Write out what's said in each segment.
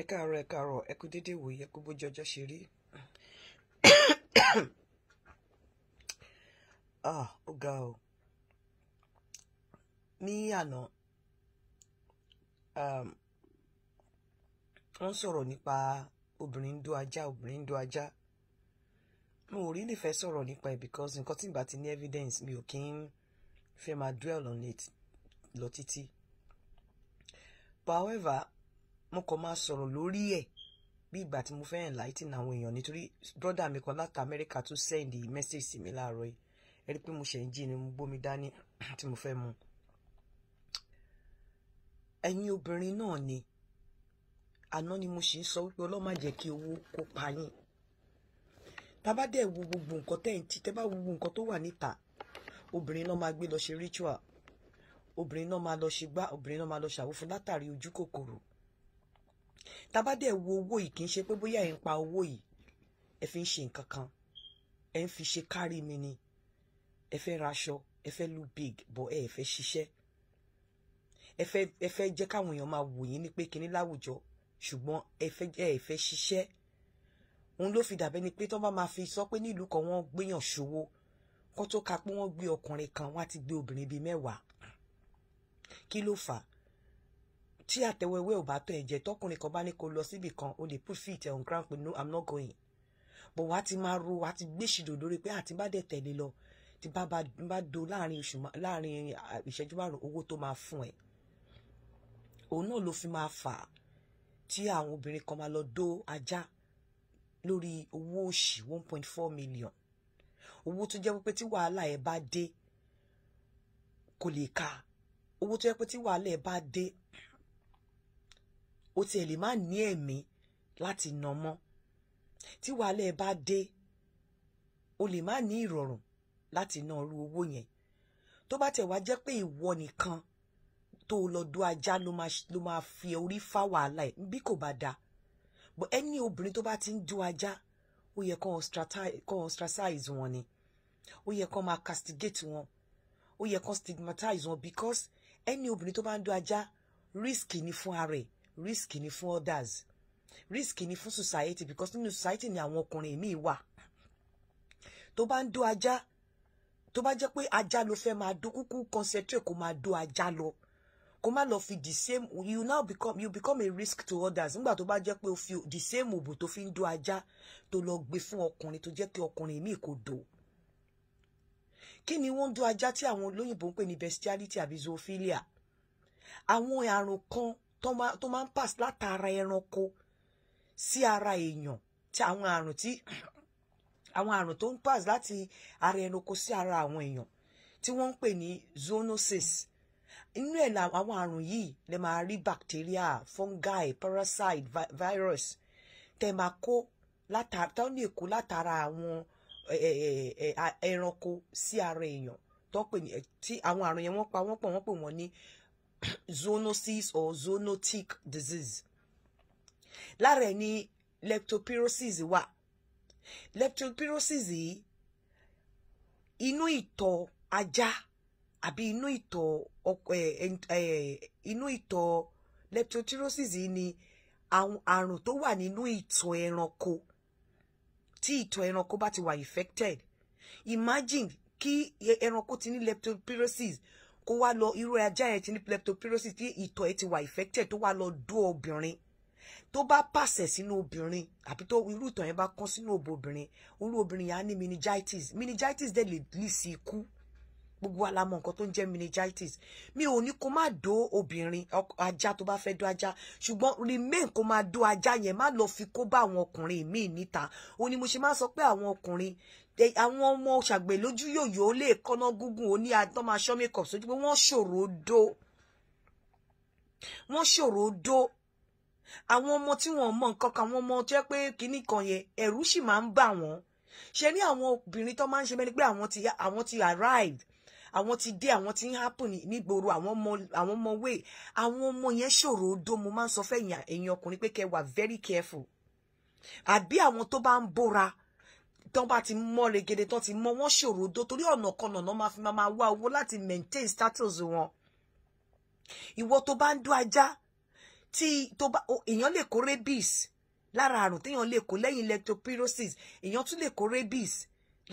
ẹ káàárọ̀ ẹ káàárọ̀ ẹ kú dédé wòye kú bójú ọjọ́ ṣe rí ah ó ga o ní àná um, wọ́n sọ̀rọ̀ nípa obìnrin ń dó ajá obìnrin ń dó ajá mo ò rí lè fẹ́ sọ̀rọ̀ nípa ẹ̀ because nǹkan tí n bá ti ní evidence mi ò kí ń fẹ́ máa dwell on it lọ títí but however mo kàn máa sọ̀rọ̀ lórí ẹ̀ bí ìgbà tí mo fẹ́ enlighten àwọn èèyàn nítorí brọ́dà mi kan láti amẹ́ríkà tó send message sí mi láàárọ̀ yìí ẹ rí i pé mo ṣe ń jí ni mo gbómi dání tí mo fẹ́ mu. ẹ̀yin obìnrin náà ni àná ni mo sì ń sọ wípé ọlọ́mà jẹ́ kí owó kó pa yín tábà dẹ̀ wo gbogbo nǹkan tẹ́ ń ti tẹ́ bá wo gbogbo nǹkan tó wà níta obìnrin náà máa gbé lọ ṣe ritual obìnrin náà máa lọ ṣe gbá obìnrin náà máa lọ ṣàwò látàrí ojú kòkòrò tábà dẹ̀ wo owó yìí kì í ṣe pé bóyá ẹ̀ ń pa owó yìí ẹ fi ń ṣe nǹkan kan ẹ ń fi ṣe kárí mi ni ẹ fẹ́ raṣọ ẹ fẹ́ lu big bọ̀ ẹ fẹ́ ṣiṣẹ́ ẹ fẹ́ ẹ fẹ́ jẹ́ káwọn èèyàn máa wò yín ní pé kinní láwùjọ ṣùgbọ́n ẹ fẹ́ ẹ fẹ́ ṣiṣẹ́ òun ló fi dàbẹ́ ni pé tó bá máa fi sọ pé nílùú kan wọ́n gbéyàn ṣòwò kó tó ka pé wọ́n gbé ọkùnrin kan wá ti gbé obìnrin bíi mẹ́wàá kí ló fà á tí àtẹwẹwẹ ò bá tó ẹ̀jẹ̀ tọkùnrin kan bá ní kó lọ síbì kan o lè put feet on ground pé no i'm not going but wàá ti máa ro wàá ti gbé ṣìdò lórí pé àti ah, bá dẹ̀ tẹ̀lé lọ tí bá bá do láàrin oṣù láàrin ìṣẹ́jú márùn owó tó máa fún ẹ òun náà ló fi máa fà á tí àwọn obìnrin kan máa lọ Do ajá lórí owó òṣì one point four million owó tó jẹ́ pé tí wàhálà ẹ̀ bá dé kò lè ka owó tó jẹ́ pé tí wàhálà ẹ̀ bá dé ó tiẹ̀ lè má ní ẹ̀mí láti nà mọ́ tí wàhálà ẹ bá dé o lè má ní ìrọ̀rùn láti ná irú owó yẹn tó bá tẹ̀ wá jẹ́ pé ìwọ nìkan tó lọ dó ajá ló máa fi orí fá wàhálà ẹ̀ bí kò bá da ẹni obìnrin tó bá ti ń dó ajá ó yẹ kó ostracize wọn ni ó yẹ kó máa castigate wọn ó yẹ kó stigmatize wọn because ẹni obìnrin tó bá ń dó ajá risk ni fún ara ẹ̀ risk ni fún others risk ni fún society because nínú society ni àwọn ọkùnrin míì wà tó bá ń dó ajá tó bá jẹ́ pé ajá ló fẹ́ máa dó kúkú concentrate kó máa dó ajá lọ kó má lọ fi the same you now become you become a risk to others nígbà tó bá jẹ́ pé o fi the same òbò tó fi ń dó ajá tó lọ gbé fún ọkùnrin tó jẹ́ pé ọkùnrin míì kò dó kí ni wọ́n ń dó ajá tí àwọn olóyìnbó ń pè ní bestiality àbí zoophilia àwọn àrùn kan tó máa ń pass látara ẹranko sí ara èèyàn tí àwọn àrùn tí àwọn àrùn tó ń pass láti ara ẹranko sí ara àwọn èèyàn tí wọ́n ń pè ní zoonosis inú ẹ̀ la àrùn yìí lè máa rí bacteria fungi parasite virus tẹ̀ máa kó látara tó lè kó látara àwọn ẹranko sí ara èèyàn tó pè ní tí àwọn àrùn yẹn wọ́n pa wọ́n pọ̀ wọ́n pè wọ́n ní zoonosis or zoonotic disease lára ẹ̀ ní leptospirosis wà leptospirosis yìí inú ìtọ̀ ajá àbí inú ìtọ̀ inú ìtọ̀ leptospirosis yìí ni àrùn tó wà nínú ìtọ̀ ẹranko tí ìtọ̀ ẹranko bá ti wà infected imagine kí ẹranko ti ní leptospirosis kó wá lọ irú ajá yẹn ti ní kleptopiriosis tí ìtọ̀ ẹ ti wà infected tó wá lọ dó obìnrin tó bá pàṣẹ sínú obìnrin àbí tó irú ìtọ̀ yẹn bá kán sínú òbò obìnrin irú obìnrin yẹn á ní meningitis meningitis dẹ̀ lè lì sí ikú gbogbo wa la mọ̀ nǹkan tó ń jẹ́ meningitis mi ò ní kó má dó obìnrin ajá tó bá fẹ́ dó ajá ṣùgbọ́n remain kó má dó ajá yẹn má lọ fi kó bá àwọn ọkùnrin míì níta ó mo ṣe máa sọ pé àwọn ọkùnrin àwọn ọmọ ṣàgbè lójú yòyò ó lè kọ́nà gúngùn òní àtọ́ máa ṣọ́ makeup sójú pé wọ́n ṣòro dó wọ́n ṣòro dó àwọn ọmọ tí wọ́n mọ nǹkan kan àwọn ọmọ jẹ́ pé kinní kan yẹn ẹ̀rù sì máa ń bà wọ́n ṣe ní àwọn obìnrin tó máa ń ṣe mẹ́ni pé àwọn ti àwọn ti arrived àwọn ti dé àwọn ti ń happen nígboro àwọn ọmọ àwọn ọmọ wẹ̀ àwọn ọmọ yẹn ṣòro dó mo máa ń sọ fẹ́yìn ẹ̀yin ọkùnrin pé kẹ́ wà very careful àbí àwọn tó bá ń bóra tán bá ti mọ́ regede tán ti mọ́ wọ́n ṣòro dó torí ọ̀nà kan náà máa fi máa wá owó láti maintain status wọn ìwọ tó bá ń dún ajá tí tó bá èèyàn lè kó rabies lára àrùn téèyàn lè kó lẹ́yìn electropyrosis èèyàn tún lè kó rabies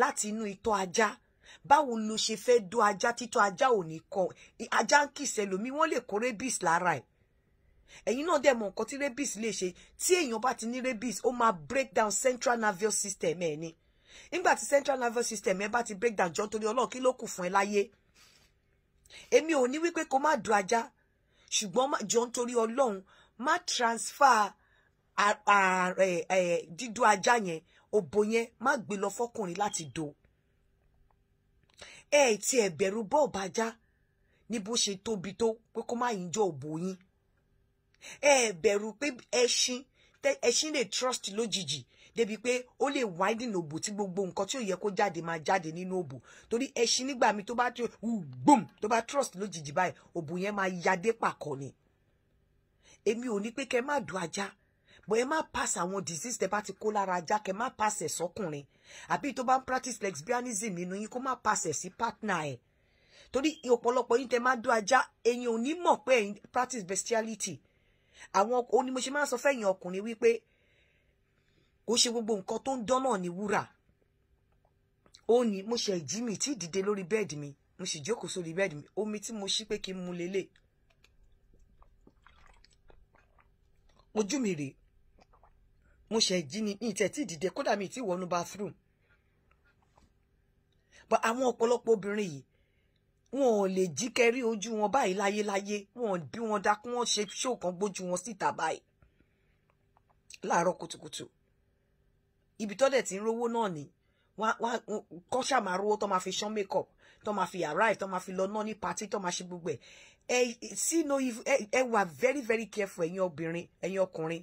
láti inú itọ́ ajá báwo ló ṣe fẹ́ dún ajá títọ́ ajá ò ní kọ ajá ń kìsẹ́ lómi wọ́n lè kó rabies lára ẹ̀ ẹ̀yin náà dẹ̀ mọ̀ nǹkan tí rabies lè ṣe tí èèyàn bá ti ní rabies ó máa break down central nervous system ẹ̀ ni nígbà tí central nervous system ẹ bá ti break down jọ torí ọlọ́ọ̀ kí ló kù fún ẹ láyé èmi ò ní wípé kó má dùn ajá ṣùgbọ́n jọ nítorí ọlọ́run má transfer dídú ajá yẹn òbò yẹn má gbé lọ fọkùnrin láti do ẹ ti ẹ bẹ̀rù bọ́ọ̀bù ajá ní bó ṣe tóbi tó pé kó má yín jọ òbò yín ẹ bẹ̀rù pé ẹṣin ẹṣin lè trust lójijì débi pé ó lè widen òbò tí gbogbo nǹkan tí ò yẹ kó jáde máa jáde nínú òbò torí ẹṣin nígbà mi tó bá tó gbòm tó bá trust lójijì báyìí òbò yẹn máa yadé pàkọ ni èmi ò ní pé kẹ má dùn ajá bọ̀ ẹ má pass àwọn disease tẹ bá ti kó lára ajá kẹ má pass ẹ̀ sọkùnrin àbí tó bá ń practice lesbianism nínú yín kó má pass ẹ̀ sí partner ẹ̀ torí ọ̀pọ̀lọpọ̀ yín tẹ má dùn ajá ẹ̀yin ò ní mọ̀ pé ẹ̀yin practice bestiality àwọn onímọ̀ṣe máa ń sọ fẹ́yìn ọkùnrin wípé kò ṣe gbogbo nǹkan tó ń dán náà ní wúrà ó ní mo ṣe ìjí mi tí dìde lórí bẹ́ẹ̀dì mi mo sì jókòó sórí bẹ́ẹ̀dì mi omi tí mo ṣí pé kí n mu lélẹ̀ ojú mi rèé mo ṣe ìjí ni ìtẹ̀ tí dìde kódà mi ti wọnú bathroom but àwọn ọ̀pọ̀lọpọ̀ obìnrin yìí wọn ò lè jí kẹrí ojú wọn báyìí láyéláyé wọn ò bí wọn dá kí wọn ṣe ṣóòkan gbójú wọn síta báyìí láàárọ̀ kùtùkùtù ibi tó dẹ̀ ti ń rówó náà ni kọ́ ṣàmà rówó tó máa fi ṣán makeup tó máa fi arrive tó máa fi lọ náà ní party tó máa ṣe gbogbo ẹ̀ sínú ẹ wà very very careful ẹ̀yin obìnrin ẹ̀yin ọkùnrin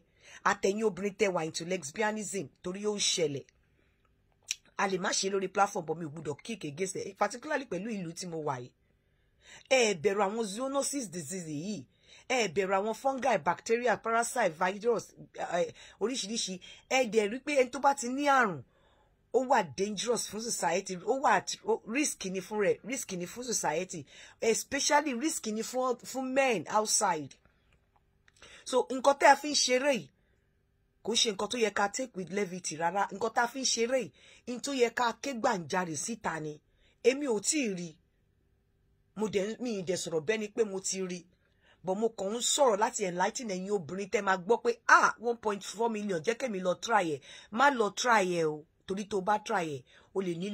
àtẹ̀yin obìnrin tẹ̀ wà into lesbianism torí ó ń ṣẹlẹ̀ a lè má ṣe lórí platform bọ̀ mi ò gbúdọ̀ kick against ẹ̀ particularly pẹ̀lú ìlú tí mo wà yìí ẹ bẹ̀rù àwọn zoonosis disease yìí ẹ bẹ̀rù àwọn fungi bacteria parasite virus eh, oríṣiríṣi ẹ dẹ̀ rí pé ẹni tó bá ti ní àrùn ó wà dangerous fún society ó wà risk ni fún rẹ̀ risk ni fún society especially risk ni fún fún men outside so nǹkan tẹ́ a fi ń ṣeré yìí kò ṣe nǹkan tó yẹ ká take with levity rárá nǹkan tá a fi ń ṣeré yìí n tó yẹ ká ké gbàǹjarè síta ni èmi ò tí ì rí mo dẹ̀ mi ì dẹ̀ sọ̀rọ̀ bẹ́ni pé mo ti rí i but mo kàn ń sọ̀rọ̀ láti enlighten ẹ̀yin obìnrin tẹ́ máa gbọ́ pé ah one point four million jẹ́ kẹ́mi lọ try ẹ̀ má lọ try ẹ̀ o torí tó bá try ẹ̀ o lè ní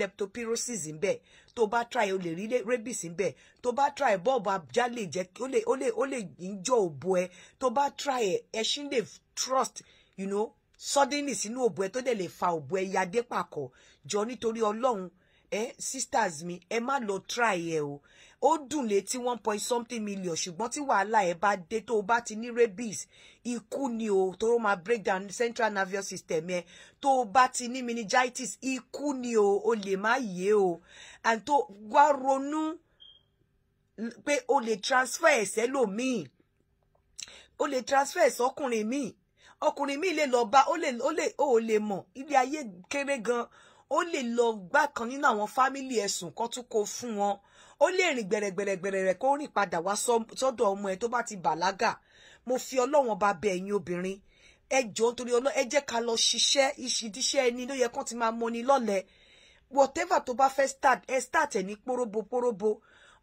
leptopyrosis ń bẹ tó bá try ẹ̀ o lè rí rabies ń bẹ tó bá try ẹ̀ bọ́ọ̀bù ajá lè jẹ́ ó lè ó lè ó lè jọ òbò ẹ̀ tó bá try ẹ̀ ẹṣin lè trust you know suddenly sínú òbò ẹ̀ tó dẹ̀ lè fa òbò ẹ̀ yadé pàkọ́ jọ nítorí ọlọ́run ẹ sisters mi ẹ má lọ try ẹ o ó dùn létí one point something million ṣùgbọ́n tí wàhálà ẹ̀ bá dé tó o bá ti ní rabies ikú ni o tó o máa break down central nervous system yẹn tó o bá ti ní meningitis ikú ni o o lè má yé o and tó wá ronú pé o lè transfer ẹ̀sẹ̀ lòmíì o lè transfer ẹ̀sẹ̀ ọkùnrin míì ọkùnrin míì lè lọ bá o lè o lè o lè mọ̀ ilé ayé kéré gan-an ó lè lọ gbá kan nínú àwọn fámìlì ẹ̀sùn kan tún kó fún wọn ó lè rìn gbẹ̀rẹ̀gbẹ̀rẹ̀gbẹ̀rẹ̀ kó rìn padà wá sọ́dọ̀ ọmọ ẹ̀ tó bá ti bàlágà mo fi ọlọ́wọ́n bá bẹ ẹ̀yin obìnrin ẹ jọ̀ọ́ nítorí ọlọ́ ẹ jẹ́ ká lọ ṣiṣẹ́ ìṣìdíṣẹ́ ẹni ló yẹ kán ti máa mọni lọ́lẹ̀ whatever tó bá fẹ́ start ẹ start ẹ ní pòròbó pòròbó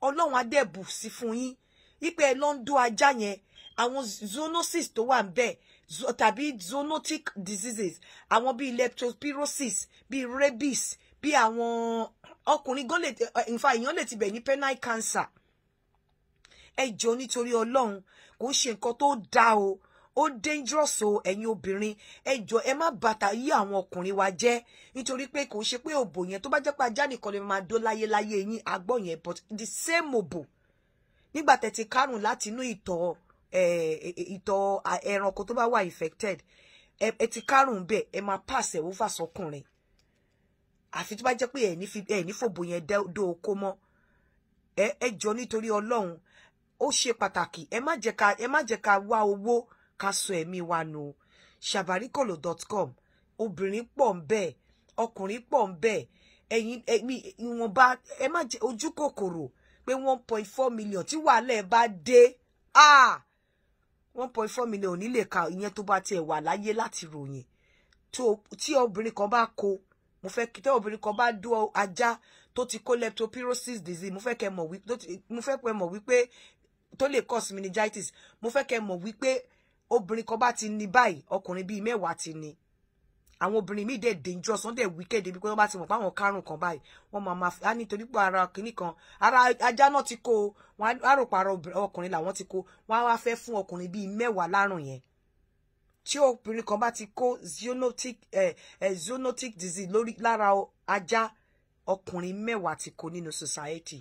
ọlọ́run adẹ́bù sí fún yín wípé ẹ lọ ń dó ajá yẹn àwọn zoonosis tó wà ń bẹ̀ tàbí zoonotic diseases àwọn bíi leptospirosis bíi rabies bíi àwọn ọkùnrin gan lè eh, in fact èèyàn lè ti bẹ̀ ní penile cancer ẹ jọ nítorí ọlọ́run kò ń ṣe nǹkan tó dáa o ó dangerous o ẹ̀yin obìnrin ẹ jọ ẹ má bàtà yí àwọn ọkùnrin wa jẹ́ nítorí pé kò ṣe pé òbò yẹn tó bá jẹ́ pé ajá nìkan lè máa dó láyé yín àgbọ̀ yẹn but the same òbò nígbà tẹ̀tí karùn-ún láti inú ìtọ̀ ọ́ ìtọ̀ ẹranko tó bá wà infected ẹ ti kárùn bẹ́ẹ̀ ẹ máa pass ẹ̀ over sọkùnrin àfi tó bá jẹ́ pé ẹ̀ ní fòbò yẹn dó oko mọ́ ẹ jọ nítorí ọlọ́run ó ṣe pàtàkì ẹ má jẹ́ ká ẹ má wá owó ká sọ ẹ̀mí wa nù sabarikolo dot com obìnrin pọ̀ ń bẹ́ẹ̀ ọkùnrin pọ̀ ń bẹ́ẹ̀ ẹ̀yin ẹ̀mí ìwọ̀nba ẹ má jẹ́ ojú kòkòrò pé one point four million tí wàhálà ẹ bá dé ah one point four million ò ní lè ka ìyẹn tó bá tiẹ̀ wà láyé láti ròyìn tí obìnrin kan bá kó mo fẹ́ kí tí obìnrin kan bá dú ajá tó ti kó leptospirosis disease mo fẹ́ kẹ́ mọ̀ wípé mo fẹ́ kẹ́ mọ̀ wípé tó lè cause meningitis mo fẹ́ kẹ́ mọ̀ wípé obìnrin kan bá ti ní báyìí ọkùnrin bíi mẹ́wàá ti ní àwọn obìnrin mi dẹ̀ dangerous wọ́n dẹ̀ wicked bí pé wọ́n bá ti mọ̀ pé àwọn karùn-ún kan báyìí wọ́n máa máa á nítorí pé ara kìíní kan ara ajá náà ti kó wọn á rò parọ́ ọkùnrin làwọn ti kó wọn á wá fẹ́ fún ọkùnrin bíi mẹ́wàá lárùn yẹn tí obìnrin kan bá ti kó zoonotic eh, eh, zoonotic disease lórí lára ajá ọkùnrin mẹ́wàá ti kó nínú society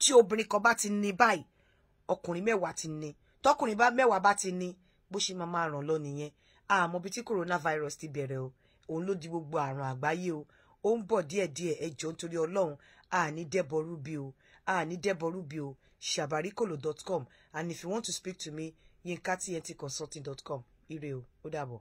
tí obìnrin kan bá ti ní báyìí ọkùnrin mẹ́wàá ti ní tọkùnrin bá mẹ́wàá bá ti ní bó ṣe máa máa ràn lọ nìyẹn àmọ́ bí tí coronavirus ti bẹ̀rẹ̀ o òun ló di gbogbo àrùn àgbáyé o ó ń bọ̀ díẹ̀díẹ̀ ẹjọ́ nítorí ọlọ́run àní dẹ́bọrú bí o àní dẹ́bọrú bí o ṣàbáríkòlò dot com and if you want to speak to me yinka tnt consulting dot com ire o ó dàbọ̀.